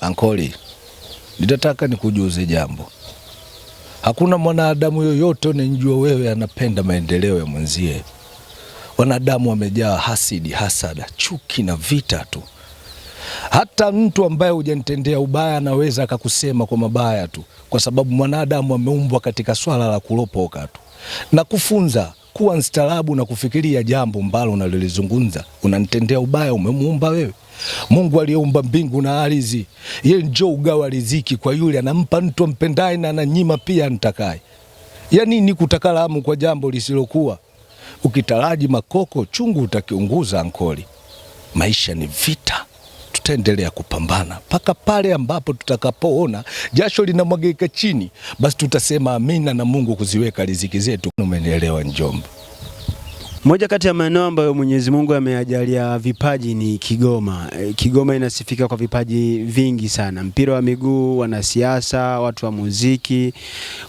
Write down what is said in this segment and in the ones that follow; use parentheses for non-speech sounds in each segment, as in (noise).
Ankoli, nitataka nikujuze jambo. Hakuna mwanadamu yoyote unenjua wewe anapenda maendeleo ya mwenzie. Wanadamu wamejaa hasidi, hasada, chuki na vita tu. Hata mtu ambaye hujanitendea ubaya anaweza akakusema kwa mabaya tu, kwa sababu mwanadamu ameumbwa katika swala la kulopoka tu na kufunza kuwa mstaarabu na kufikiria jambo mbalo unalolizungumza. Unanitendea ubaya, umemuumba wewe Mungu aliyeumba mbingu na ardhi, ye njo ugawa riziki kwa yule anampa mtu ampendaye na ananyima pia antakaye. Ya nini kutakalamu kwa jambo lisilokuwa? Ukitaraji makoko chungu utakiunguza ankoli. Maisha ni vita tutaendelea kupambana mpaka pale ambapo tutakapoona jasho linamwagika chini, basi tutasema amina na Mungu kuziweka riziki zetu. Umenielewa, njomba? Moja kati ya maeneo ambayo Mwenyezi Mungu ameajalia vipaji ni Kigoma. E, Kigoma inasifika kwa vipaji vingi sana, mpira wa miguu, wanasiasa, watu wa muziki.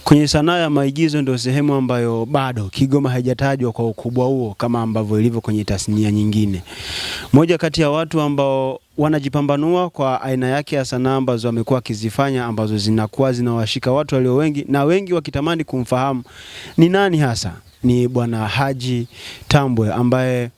Kwenye sanaa ya maigizo ndio sehemu ambayo bado Kigoma haijatajwa kwa ukubwa huo kama ambavyo ilivyo kwenye tasnia nyingine. Moja kati ya watu ambao wanajipambanua kwa aina yake ya sanaa ambazo wamekuwa wakizifanya ambazo zinakuwa zinawashika watu walio wengi na wengi wakitamani kumfahamu ni nani hasa ni Bwana Haji Tambwe ambaye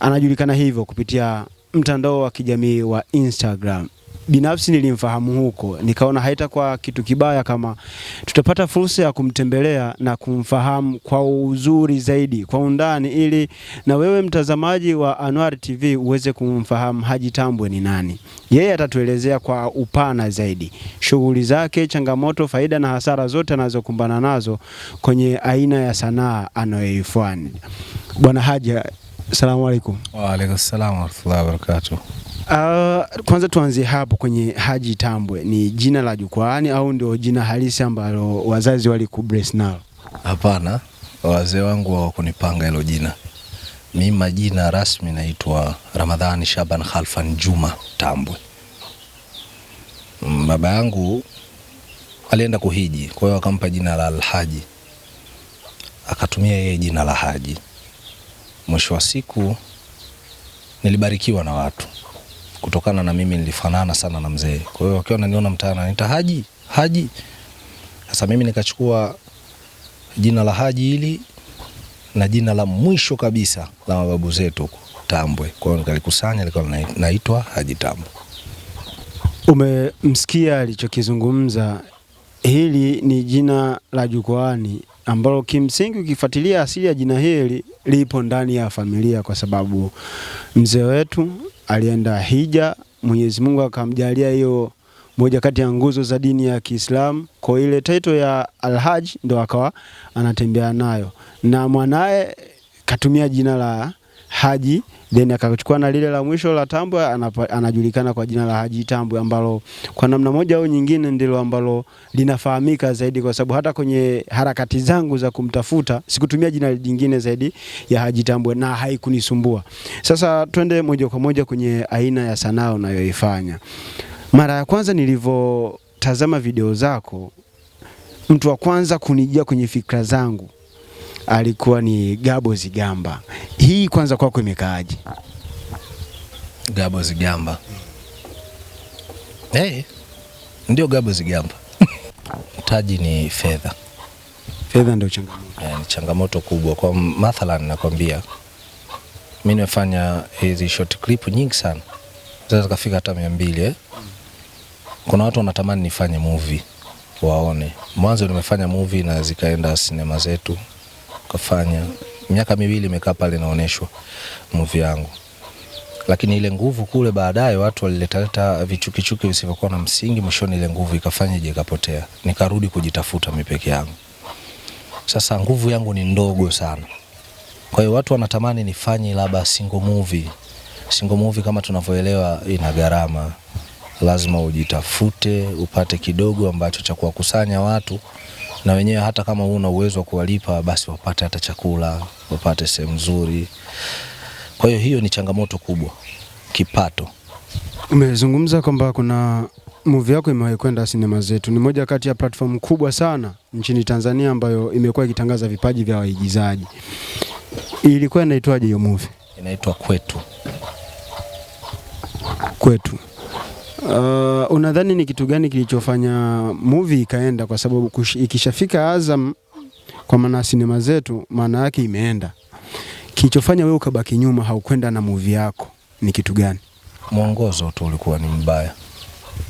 anajulikana hivyo kupitia mtandao wa kijamii wa Instagram binafsi nilimfahamu huko, nikaona haitakuwa kitu kibaya kama tutapata fursa ya kumtembelea na kumfahamu kwa uzuri zaidi, kwa undani, ili na wewe mtazamaji wa Anwar TV uweze kumfahamu Haji Tambwe ni nani. Yeye atatuelezea kwa upana zaidi shughuli zake, changamoto, faida na hasara zote anazokumbana nazo kwenye aina ya sanaa anayoifanya. Bwana Haji, salamu alaikum. Wa alaikum warahmatullahi wabarakatuh. Uh, kwanza tuanzie hapo kwenye Haji Tambwe, ni jina la jukwaani au ndio jina halisi ambalo wazazi walikubless nalo? Hapana, wazee wangu hawakunipanga hilo jina. Mimi majina rasmi naitwa Ramadhani Shaban Khalfan Juma Tambwe. Mm, baba yangu alienda kuhiji, kwa hiyo akampa jina la Alhaji, akatumia yeye jina la Haji. Mwisho wa siku nilibarikiwa na watu kutokana na mimi nilifanana sana na mzee. Kwa hiyo wakiwa naniona mtaani anaita Haji, Haji. Sasa mimi nikachukua jina la Haji hili na jina la mwisho kabisa la mababu zetu Tambwe. Kwa hiyo nikalikusanya, likawa naitwa Haji Tambwe. Umemsikia alichokizungumza, hili ni jina la jukwaani ambalo kimsingi ukifuatilia asili ya jina hili lipo ndani ya familia, kwa sababu mzee wetu alienda hija, Mwenyezi Mungu akamjalia hiyo moja kati ya nguzo za dini ya Kiislamu, kwa ile taito ya Alhaj ndo akawa anatembea nayo, na mwanaye katumia jina la Haji then akachukua na lile la mwisho la Tambwe, anajulikana kwa jina la Haji Tambwe, ambalo kwa namna moja au nyingine ndilo ambalo linafahamika zaidi, kwa sababu hata kwenye harakati zangu za kumtafuta sikutumia jina lingine zaidi ya Haji Tambwe na haikunisumbua. Sasa twende moja kwa moja kwenye aina ya sanaa unayoifanya. Mara ya kwanza nilivyotazama video zako, mtu wa kwanza kunijia kwenye fikra zangu alikuwa ni Gabo Zigamba. Hii kwanza kwako imekaaje? Gabo Zigamba. Hey, eh, ndio Gabo Zigamba. (laughs) Mtaji ni fedha, fedha ndio changamoto. Yeah, ni changamoto kubwa. Kwa mathalan, nakwambia mimi nimefanya hizi short clip nyingi sana, Zaweza zikafika hata mia mbili eh? Kuna watu wanatamani nifanye movie waone. Mwanzo nimefanya movie na zikaenda sinema zetu kafanya miaka miwili imekaa pale inaoneshwa movie yangu, lakini ile nguvu kule, baadaye watu waliletaleta vichukichuki visivyokuwa na msingi. Mwishoni ile nguvu ikafanya je, Ikapotea, nikarudi kujitafuta mimi peke yangu. Sasa nguvu yangu ni ndogo sana, kwa hiyo watu wanatamani nifanye labda single movie. Single movie kama tunavyoelewa ina gharama, lazima ujitafute upate kidogo ambacho cha kuwakusanya watu na wenyewe hata kama una uwezo wa kuwalipa basi wapate hata chakula, wapate sehemu nzuri. Kwa hiyo hiyo ni changamoto kubwa, kipato. Umezungumza kwamba kuna movie yako imewahi kwenda sinema zetu. Ni moja kati ya platform kubwa sana nchini Tanzania ambayo imekuwa ikitangaza vipaji vya waigizaji. Ilikuwa inaitwaje hiyo movie? Inaitwa Kwetu. Kwetu. Uh, unadhani ni kitu gani kilichofanya movie ikaenda? Kwa sababu ikishafika Azam, kwa maana sinema zetu, maana yake imeenda. Kilichofanya wewe ukabaki nyuma, haukwenda na movie yako ni kitu gani? Mwongozo tu ulikuwa ni mbaya.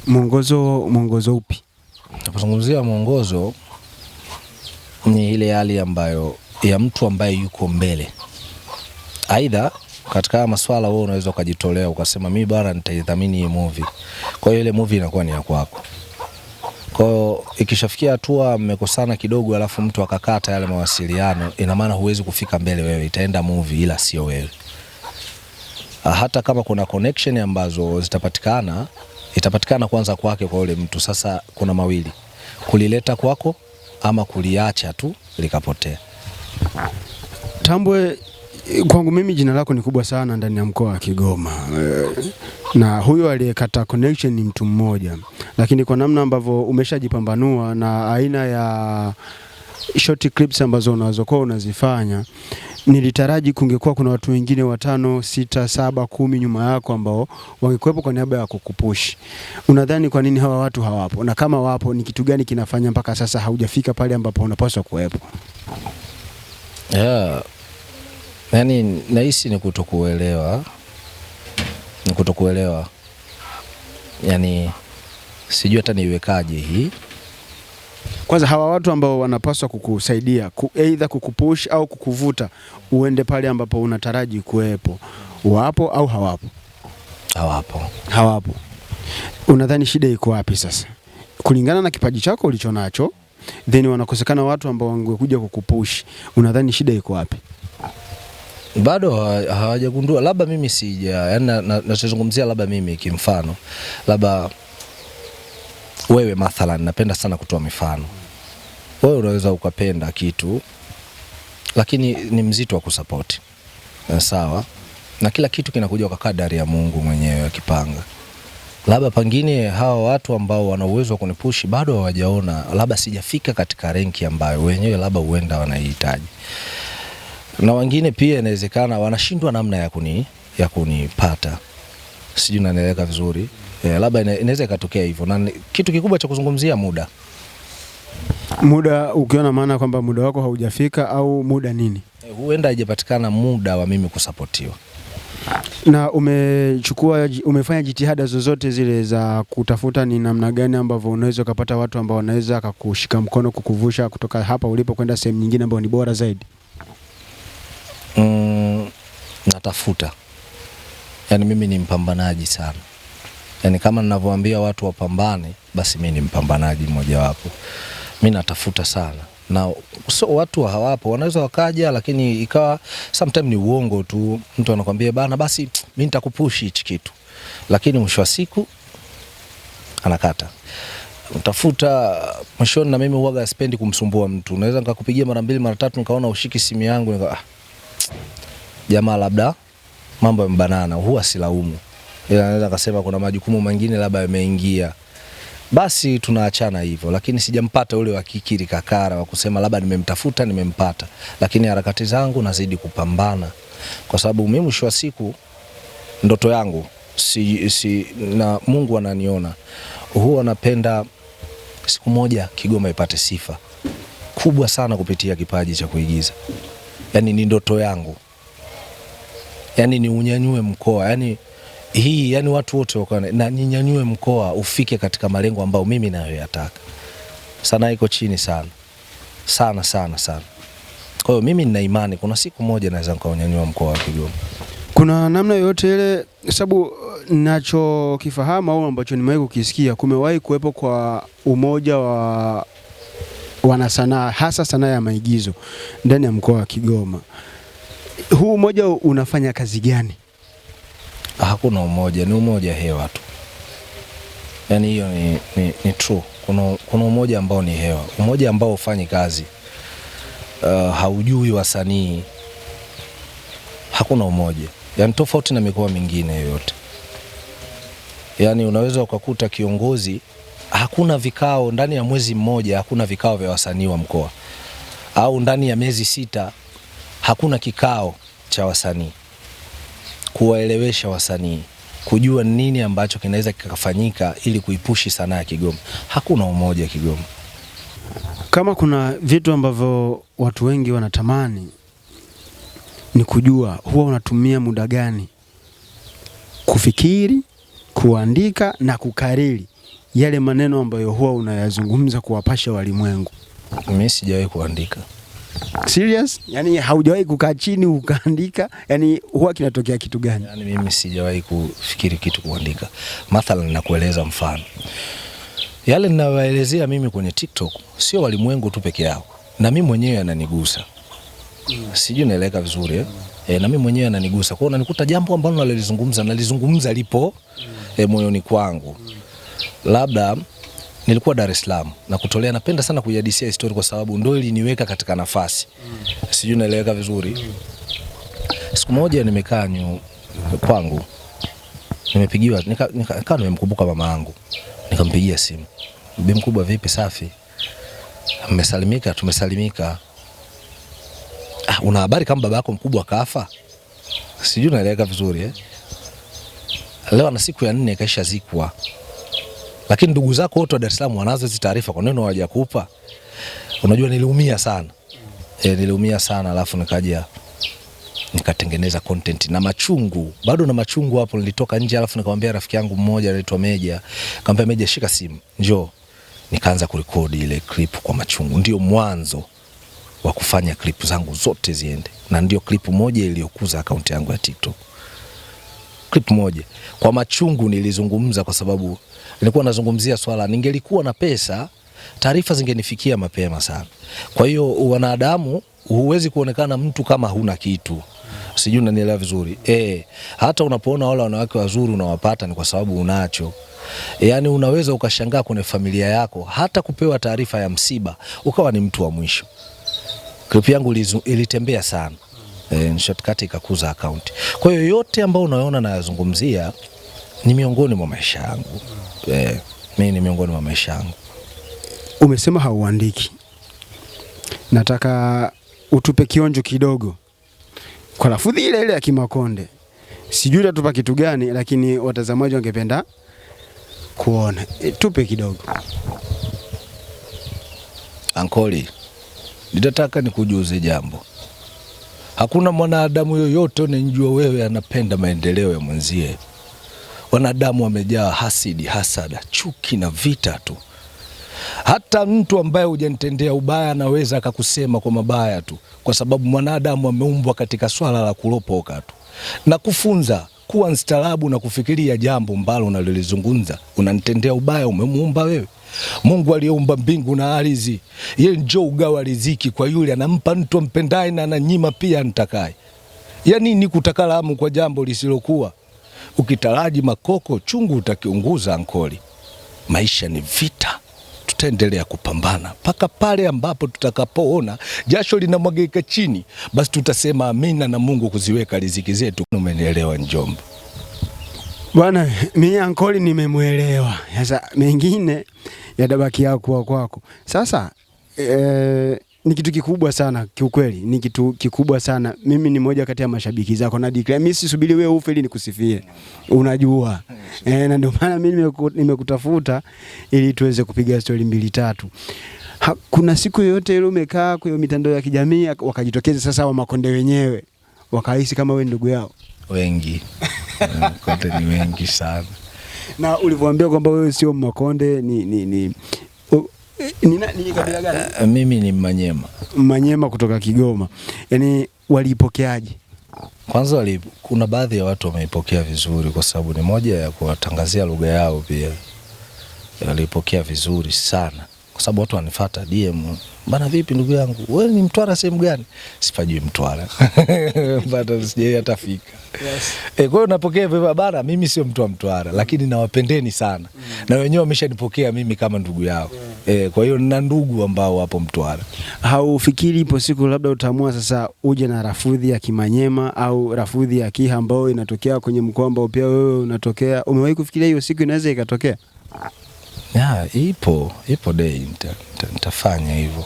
Mwongozo, mwongozo upi? Napozungumzia mwongozo ni ile hali ambayo ya mtu ambaye yuko mbele, aidha katika maswala wewe unaweza ukajitolea ukasema mimi bwana nitaidhamini hii movie. Kwa hiyo ile movie inakuwa ni ya kwako. Kwa hiyo ikishafikia hatua mmekosana kidogo, alafu mtu akakata yale mawasiliano, ina maana huwezi kufika mbele wewe, itaenda movie ila sio wewe. Ah, hata kama kuna connection ambazo zitapatikana, itapatikana kwanza kwake, kwa yule mtu. Sasa kuna mawili, kulileta kwako ama kuliacha tu likapotea. Tambwe Kwangu mimi jina lako ni kubwa sana ndani ya mkoa wa Kigoma, na huyo aliyekata connection ni mtu mmoja, lakini kwa namna ambavyo umeshajipambanua na aina ya short clips ambazo unazokuwa unazifanya, nilitaraji kungekuwa kuna watu wengine watano, sita, saba, kumi nyuma yako ambao wangekuwepo kwa niaba ya kukupushi. Unadhani kwa nini hawa watu hawapo, na kama wapo ni kitu gani kinafanya mpaka sasa haujafika pale ambapo unapaswa kuwepo? yeah. Yaani nahisi ni kutokuelewa, ni kutokuelewa, yaani sijui hata niwekaje hii. Kwanza hawa watu ambao wanapaswa kukusaidia ku, either kukupush au kukuvuta uende pale ambapo unataraji kuwepo, wapo au hawapo? Hawapo, hawapo. Unadhani shida iko wapi sasa, kulingana na kipaji chako ulicho nacho then wanakosekana watu ambao wangekuja kukupush. Unadhani shida iko wapi? bado hawajagundua, labda mimi sija, yani nachozungumzia, labda mimi kimfano, labda wewe mathalan, napenda sana kutoa mifano. Wewe unaweza ukapenda kitu lakini ni mzito wa kusapoti, sawa, na kila kitu kinakuja kwa kadari ya Mungu mwenyewe akipanga. Labda pengine hawa watu ambao wana uwezo wa kunipushi bado hawajaona, labda sijafika katika renki ambayo wenyewe labda huenda wanaihitaji na wengine pia inawezekana wanashindwa namna ya kuni ya kunipata, sijui naeleweka vizuri e, labda inaweza ikatokea hivyo, na kitu kikubwa cha kuzungumzia muda muda ukiona maana kwamba muda wako haujafika au muda nini, eh, huenda haijapatikana muda wa mimi kusapotiwa. Na umechukua umefanya jitihada zozote zile za kutafuta ni namna gani ambavyo unaweza ukapata watu ambao wanaweza kakushika mkono kukuvusha kutoka hapa ulipo kwenda sehemu nyingine ambayo ni bora zaidi? mm, natafuta. Yaani mimi ni mpambanaji sana, yaani kama ninavyoambia watu wapambane, basi mimi ni mpambanaji mmojawapo. Mimi natafuta sana na so watu hawapo, wanaweza wakaja, lakini ikawa sometimes ni uongo tu. Mtu anakwambia bana, basi mimi nitakupushi hichi kitu, lakini mwisho wa siku anakata utafuta mwishoni. Na mimi huaga, sipendi kumsumbua mtu, naweza nikakupigia mara mbili mara tatu, nikaona ushiki simu yangu nika ah, jamaa labda mambo yamebanana, huwa silaumu, ila anaweza akasema kuna majukumu mengine labda yameingia, basi tunaachana hivyo, lakini sijampata ule wa kikiri kakara wa kusema labda nimemtafuta nimempata, lakini harakati zangu nazidi kupambana, kwa sababu mimi mwisho wa siku ndoto yangu si, si, na Mungu ananiona, huwa napenda siku moja Kigoma ipate sifa kubwa sana kupitia kipaji cha kuigiza yani ni ndoto yangu, yani ni unyanyue mkoa, yani hii, yani watu wote wakana na ninyanyue mkoa ufike katika malengo ambayo mimi nayoyataka. Sanaa iko chini sana sana sana sana. Kwa hiyo mimi nina imani kuna siku moja naweza nikaunyanyua mkoa wa Kigoma. Kuna namna yoyote ile, sababu nachokifahamu au ambacho nimewahi kukisikia, kumewahi kuwepo kwa umoja wa wana sanaa hasa sanaa ya maigizo ndani ya mkoa wa Kigoma. Huu umoja unafanya kazi gani? Hakuna umoja, ni umoja hewa tu. Yaani hiyo ni, ni, ni true. Kuna, kuna umoja ambao ni hewa, umoja ambao hufanyi kazi. Uh, haujui wasanii, hakuna umoja, yaani tofauti na mikoa mingine yoyote. Yaani unaweza ukakuta kiongozi hakuna vikao ndani ya mwezi mmoja, hakuna vikao vya wasanii wa mkoa, au ndani ya miezi sita hakuna kikao cha wasanii, kuwaelewesha wasanii, kujua nini ambacho kinaweza kikafanyika ili kuipushi sanaa ya Kigoma. Hakuna umoja Kigoma. Kama kuna vitu ambavyo watu wengi wanatamani ni kujua, huwa unatumia muda gani kufikiri, kuandika na kukariri yale maneno ambayo huwa unayazungumza kuwapasha walimwengu? Mimi sijawahi kuandika. Serious? Yaani haujawahi kukaa chini ukaandika? Yaani huwa kinatokea kitu gani? Yaani mimi sijawahi kufikiri kitu kuandika. Mathalan, nakueleza mfano. Yale ninawaelezea mimi kwenye TikTok sio walimwengu tu peke yao. Na mimi mwenyewe yananigusa. Sijui naeleka vizuri eh? E, na mimi mwenyewe ananigusa. Kwa hiyo unanikuta jambo ambalo nalizungumza nalizungumza lipo e, moyoni kwangu labda nilikuwa Dar es Salaam na kutolea, napenda sana kujadisia historia kwa sababu ndio iliniweka katika nafasi mm. sijui naeleweka vizuri mm. Siku moja nimekaa nyu kwangu, nimepigiwa nika, nika, nimemkumbuka mama yangu, nikampigia simu, bi mkubwa, vipi, safi, mmesalimika? Tumesalimika. Ah, una habari kama baba yako mkubwa kafa? Sijui naeleweka vizuri eh? Leo na siku ya nne kaisha zikwa lakini ndugu zako wote wa Dar es Salaam wanazo hizo taarifa, kwa nini hawajakupa? Unajua niliumia sana e, niliumia sana alafu nikaja nikatengeneza content na machungu, bado na machungu hapo. Nilitoka nje, alafu nikamwambia rafiki yangu mmoja anaitwa Meja, nikamwambia Meja, shika simu njoo, nikaanza kurekodi ile clip kwa machungu. Ndio mwanzo wa kufanya clip zangu zote ziende, na ndio clip moja iliyokuza akaunti yangu ya TikTok clip moja kwa machungu nilizungumza, kwa sababu nilikuwa nazungumzia swala, ningelikuwa na pesa taarifa zingenifikia mapema sana. Kwa hiyo wanadamu, huwezi kuonekana mtu kama huna kitu, sijui unanielewa vizuri e. Hata unapoona wale wanawake wazuri unawapata ni kwa sababu unacho Yaani unaweza ukashangaa kwenye familia yako hata kupewa taarifa ya msiba ukawa ni mtu wa mwisho. Klipu yangu ilitembea sana e, shortcut ikakuza account. Kwa hiyo yote ambayo unaona nayazungumzia ni miongoni mwa maisha yangu e, mimi ni miongoni mwa maisha yangu. Umesema hauandiki, nataka utupe kionjo kidogo kwa lafudhi ile ile ya Kimakonde, sijui utatupa kitu gani, lakini watazamaji wangependa kuona e, tupe kidogo. Ankoli, nitataka nikujuze jambo. Hakuna mwanadamu yoyote unenjua wewe anapenda maendeleo ya mwenzie. Wanadamu wamejaa hasidi, hasada, chuki na vita tu. Hata mtu ambaye hujanitendea ubaya anaweza akakusema kwa mabaya tu, kwa sababu mwanadamu ameumbwa katika swala la kulopoka tu na kufunza kuwa mstaarabu na kufikiria jambo mbalo unalolizungumza. Unanitendea ubaya, umemuumba wewe. Mungu aliyeumba mbingu na ardhi, yeye njo ugawa riziki kwa yule anampa mtu ampendaye na ananyima pia nitakaye. Ya yaani nini kutakalamu kwa jambo lisilokuwa? Ukitaraji makoko chungu utakiunguza ankoli. Maisha ni vita tutaendelea kupambana mpaka pale ambapo tutakapoona jasho linamwagika chini, basi tutasema amina na Mungu kuziweka riziki zetu. Umenielewa njomba? Bwana, mimi ankoli nimemwelewa. Sasa mengine yadabaki yao kuwa kwako. Sasa e, ni kitu kikubwa sana kiukweli, ni kitu kikubwa sana. Mimi ni moja kati ya mashabiki zako na declare mimi sisubiri wewe ufe ili nikusifie, unajua e, na ndio maana mimi nimekutafuta ili tuweze kupiga stori mbili tatu. Ha, kuna siku yoyote ile umekaa kwenye mitandao ya kijamii wakajitokeza sasa wa Makonde wenyewe wakahisi kama wewe ndugu yao? Wengi Makonde mm, ni wengi sana, na ulivyoambia kwamba wewe sio Makonde ni, ni, ni Nina, nini kabila gani? Uh, mimi ni Manyema. Manyema kutoka Kigoma. Yaani waliipokeaje? Kwanza wali, kuna baadhi ya watu wameipokea vizuri kwa sababu ni moja ya kuwatangazia lugha yao pia. Walipokea vizuri sana kwa sababu watu wanifuata DM bana, vipi ndugu yangu, wewe ni Mtwara sehemu gani? Sipajui Mtwara (laughs) bado sijai hata fika. Yes. E, kwa hiyo napokea vipi bana, mimi sio mtu wa Mtwara, mm. lakini nawapendeni sana mm. na wenyewe wameshanipokea mimi kama ndugu yao yeah. E, kwa hiyo nina ndugu ambao wapo Mtwara. Haufikiri ipo siku labda utaamua sasa uje na rafudhi ya Kimanyema au rafudhi ya Kiha ambayo inatokea kwenye mkoa ambao pia wewe unatokea? Umewahi kufikiria hiyo siku inaweza ikatokea? ya, ipo ipo dei nitafanya hivyo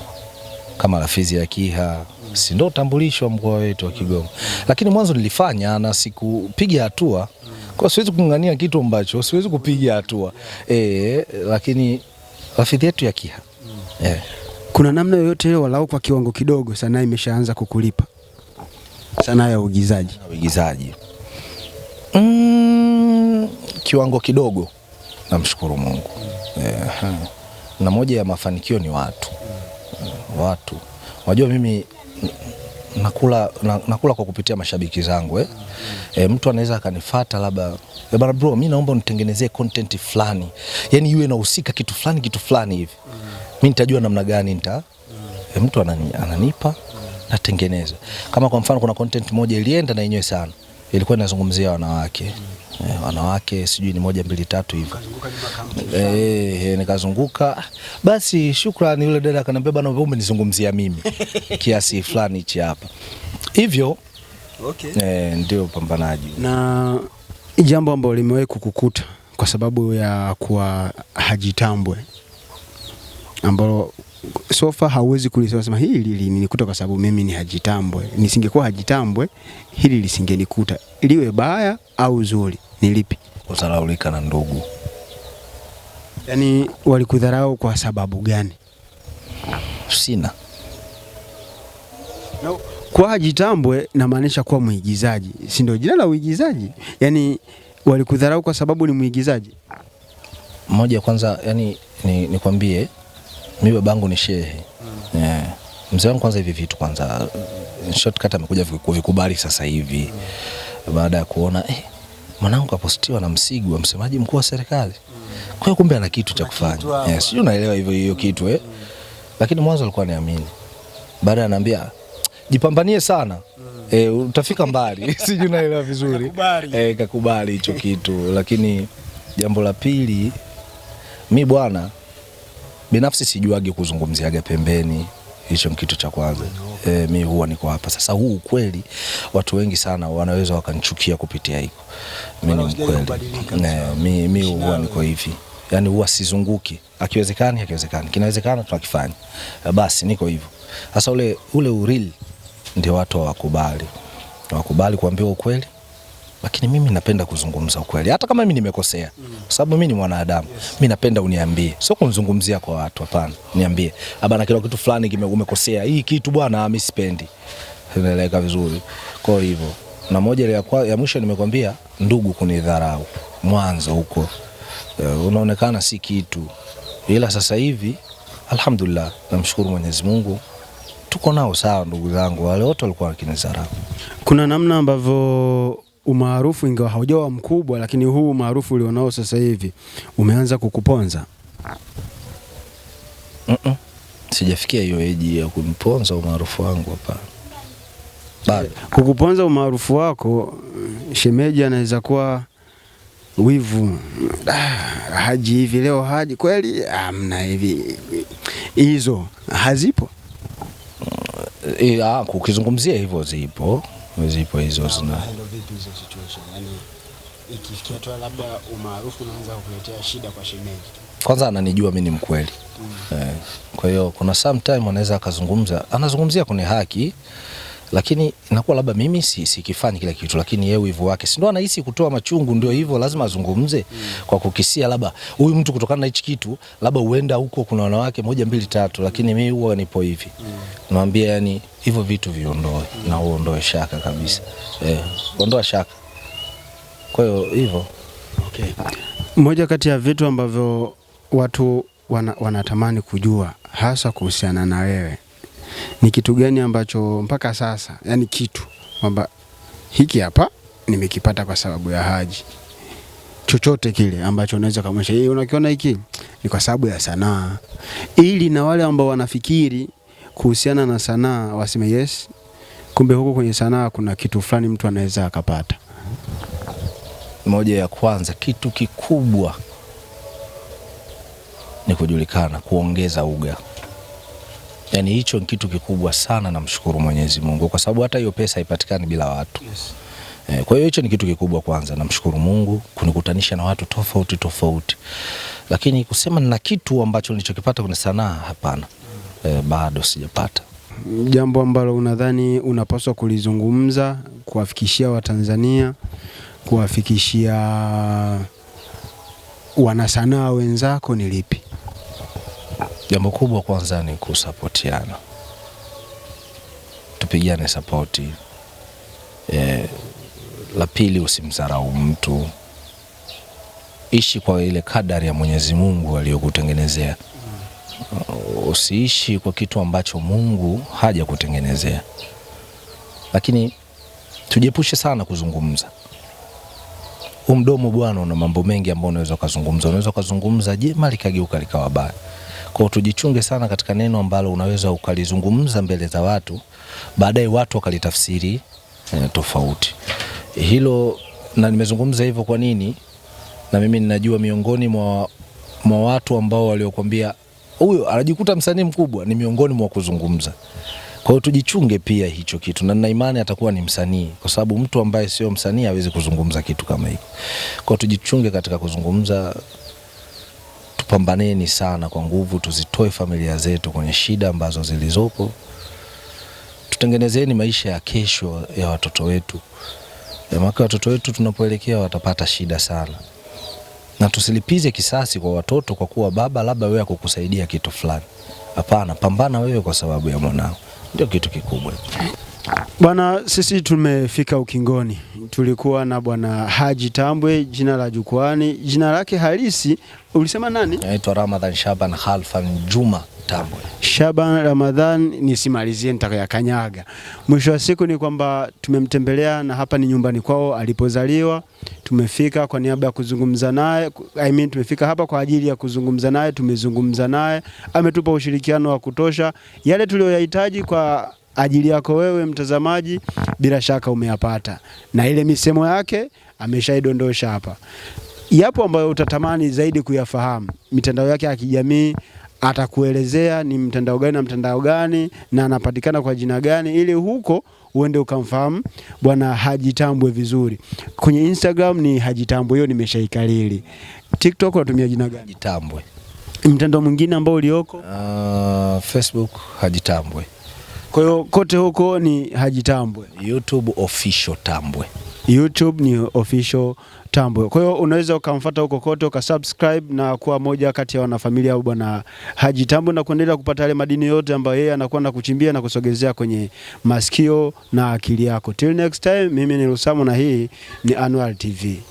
kama lafizi ya Kiha, si ndio utambulisho wa mkoa wetu wa Kigoma. Lakini mwanzo nilifanya na sikupiga hatua, kwa siwezi kung'ang'ania kitu ambacho siwezi kupiga hatua e, lakini lafizi yetu ya Kiha e. Kuna namna yoyote ile walau kwa kiwango kidogo sanaa imeshaanza kukulipa sanaa ya uigizaji uigizaji? Mm, kiwango kidogo, namshukuru Mungu. Mm eh, na moja ya mafanikio ni watu watu wajua mimi nakula, nakula kwa kupitia mashabiki zangu eh. E, mtu anaweza akanifuata labda e, bana bro, mimi naomba unitengenezee content fulani, yani iwe inahusika kitu fulani kitu fulani hivi, mimi nitajua namna gani nita e, mtu anani, ananipa natengeneza. Kama kwa mfano kuna content moja ilienda na yenyewe sana ilikuwa inazungumzia wanawake eh, wanawake sijui ni moja mbili tatu hivyo eh, eh, nikazunguka. Basi shukrani, yule dada akaniambia, bwana, umenizungumzia mimi (laughs) kiasi fulani hichi hapa hivyo. Okay. Eh, ndio pambanaji na jambo ambalo limewahi kukukuta kwa sababu ya kuwa hajitambwe ambalo sofa hauwezi kulisema hili lilinikuta kwa sababu mimi ni Hajitambwe. Nisingekuwa Hajitambwe hili lisingenikuta, liwe baya au zuri. Nilipi kudharaulika na ndugu? Yaani walikudharau kwa sababu gani? Sina no. Kwa Hajitambwe namaanisha kuwa mwigizaji, si ndio jina la uigizaji? Yaani walikudharau kwa sababu ni mwigizaji mmoja. Kwanza yani nikwambie ni mi babangu ni shehe mm. yeah. Mzee wangu kwanza hivi vitu kwanza shortcut amekuja vikubali sasa hivi mm. baada ya kuona eh, mwanangu kapostiwa na wa msemaji mkuu wa serikali mm. kwa hiyo kumbe ana kitu cha kufanya yeah, sijui unaelewa hivyo hiyo kitu eh. mm. Lakini mwanzo alikuwa niamini, baada anaambia jipambanie sana mm. eh, utafika mbali (laughs) sijui unaelewa vizuri kakubali. Eh, kakubali hicho kitu lakini jambo la pili mi bwana Binafsi sijuagi kuzungumziaga pembeni, hicho ni kitu cha kwanza. E, mi huwa niko hapa sasa. Huu ukweli watu wengi sana wanaweza wakanichukia kupitia hiko, mi ni mkweli, eh, mi mi huwa niko hivi yani huwa sizunguki, akiwezekani akiwezekani, kinawezekana tunakifanya, eh, basi niko hivyo sasa. Ule ule uril ndio watu hawakubali, wakubali kuambiwa ukweli, lakini mimi napenda kuzungumza ukweli, hata kama mimi nimekosea, kwa sababu mimi ni mwanadamu. Mimi napenda uniambie, sio kumzungumzia kwa watu, hapana. Niambie abana, kila kitu fulani kimekosea, hii kitu bwana, mimi sipendi. Unaeleweka vizuri? Kwa hivyo na moja ya, kwa, ya mwisho nimekwambia, ndugu kunidharau mwanzo huko, uh, unaonekana si kitu, ila sasa hivi alhamdulillah, namshukuru Mwenyezi Mungu tuko nao sawa, ndugu zangu wale wote walikuwa wakinidharau. Kuna namna ambavyo umaarufu ingawa haujawa mkubwa, lakini huu umaarufu ulionao sasa hivi umeanza kukuponza? mm -mm. Sijafikia hiyo eji ya kuniponza umaarufu wangu, hapa. Bado kukuponza umaarufu wako, shemeji anaweza kuwa wivu ah, Haji hivi leo Haji kweli amna ah, hivi hizo hazipo. Eh, ah, ukizungumzia hivyo zipo zipo hizo zina yaani, Kwanza ananijua mi ni mkweli mm. Eh, kwa hiyo kuna sometime anaweza akazungumza, anazungumzia kwenye haki lakini inakuwa labda mimi sikifanyi kila kitu, lakini yeye wivu wake, si ndo anahisi kutoa machungu, ndio hivyo, lazima azungumze mm. kwa kukisia labda huyu mtu kutokana na hichi kitu labda huenda huko kuna wanawake moja mbili tatu, lakini mimi huwa nipo hivi mm. naambia, yani hivyo vitu viondoe mm. na uondoe shaka kabisa eh, ondoa shaka. Kwa hiyo hivyo okay. Moja kati ya vitu ambavyo watu wana, wanatamani kujua hasa kuhusiana na wewe ni kitu gani ambacho mpaka sasa, yani kitu kwamba hiki hapa nimekipata kwa sababu ya Haji, chochote kile ambacho unaweza kumwonyesha yeye, eh, unakiona hiki ni kwa sababu ya sanaa, ili na wale ambao wanafikiri kuhusiana na sanaa waseme yes, kumbe huko kwenye sanaa kuna kitu fulani mtu anaweza akapata. Moja ya kwanza, kitu kikubwa ni kujulikana, kuongeza uga Yani hicho ni kitu kikubwa sana, namshukuru Mwenyezi Mungu kwa sababu hata hiyo pesa haipatikani bila watu yes. E, kwa hiyo hicho ni kitu kikubwa kwanza, namshukuru Mungu kunikutanisha na watu tofauti tofauti, lakini kusema na kitu ambacho nilichokipata kwenye sanaa hapana, e, bado sijapata jambo ambalo unadhani unapaswa kulizungumza kuwafikishia Watanzania, kuwafikishia wanasanaa wenzako ni lipi? Jambo kubwa kwanza ni kusapotiana, tupigane sapoti. E, la pili usimdharau mtu, ishi kwa ile kadari ya Mwenyezi Mungu aliyokutengenezea. Usiishi kwa kitu ambacho Mungu hajakutengenezea. Lakini tujiepushe sana kuzungumza huu mdomo bwana, una mambo mengi ambayo unaweza ukazungumza. Unaweza ukazungumza jema likageuka likawa baya. Kwao tujichunge sana katika neno ambalo unaweza ukalizungumza mbele za watu, baadaye watu wakalitafsiri eh, tofauti. Hilo na nimezungumza hivyo kwa nini, na mimi ninajua miongoni mwa, mwa watu ambao waliokwambia huyo anajikuta msanii mkubwa ni miongoni mwa kuzungumza. Kwa hiyo tujichunge pia hicho kitu, na nina imani atakuwa ni msanii, kwa sababu mtu ambaye sio msanii hawezi kuzungumza kitu kama hiko. Kwa hiyo tujichunge katika kuzungumza Pambaneni sana kwa nguvu, tuzitoe familia zetu kwenye shida ambazo zilizopo, tutengenezeni maisha ya kesho ya watoto wetu. Maka watoto wetu tunapoelekea watapata shida sana, na tusilipize kisasi kwa watoto kwa kuwa baba labda wewe akukusaidia kitu fulani. Hapana, pambana wewe kwa sababu ya mwanao, ndio kitu kikubwa. Bwana, sisi tumefika ukingoni. Tulikuwa na Bwana Haji Tambwe, jina la jukwani, jina lake halisi ulisema nani? Naitwa Ramadhan Shaban Khalfa Juma Tambwe. Shaban Ramadhan, nisimalizie nitakayakanyaga. Mwisho wa siku ni kwamba tumemtembelea na hapa ni nyumbani kwao alipozaliwa. Tumefika kwa niaba ya kuzungumza naye, I mean, tumefika hapa kwa ajili ya kuzungumza naye. Tumezungumza naye, ametupa ushirikiano wa kutosha, yale tuliyoyahitaji kwa ajili yako wewe mtazamaji, bila shaka umeyapata, na ile misemo yake ameshaidondosha hapa. Yapo ambayo utatamani zaidi kuyafahamu, mitandao yake ya kijamii atakuelezea ni mtandao gani na mtandao gani na anapatikana kwa jina gani, ili huko uende ukamfahamu bwana Haji Tambwe vizuri. Kwenye Instagram ni Haji Tambwe, hiyo nimeshaikalili. TikTok unatumia jina gani? Haji Tambwe. Mtandao mwingine ambao ulioko? Uh, Facebook Haji Tambwe. Kwa hiyo kote huko ni Haji Tambwe. YouTube official Tambwe. YouTube ni official Tambwe. Kwa hiyo unaweza ukamfuata huko kote ukasubscribe na kuwa moja kati ya wanafamilia wa bwana Haji Tambwe na kuendelea kupata yale madini yote ambayo yeye anakuwa na kuchimbia na kusogezea kwenye masikio na akili yako. Till next time, mimi ni rusamu na hii ni Anwaar TV.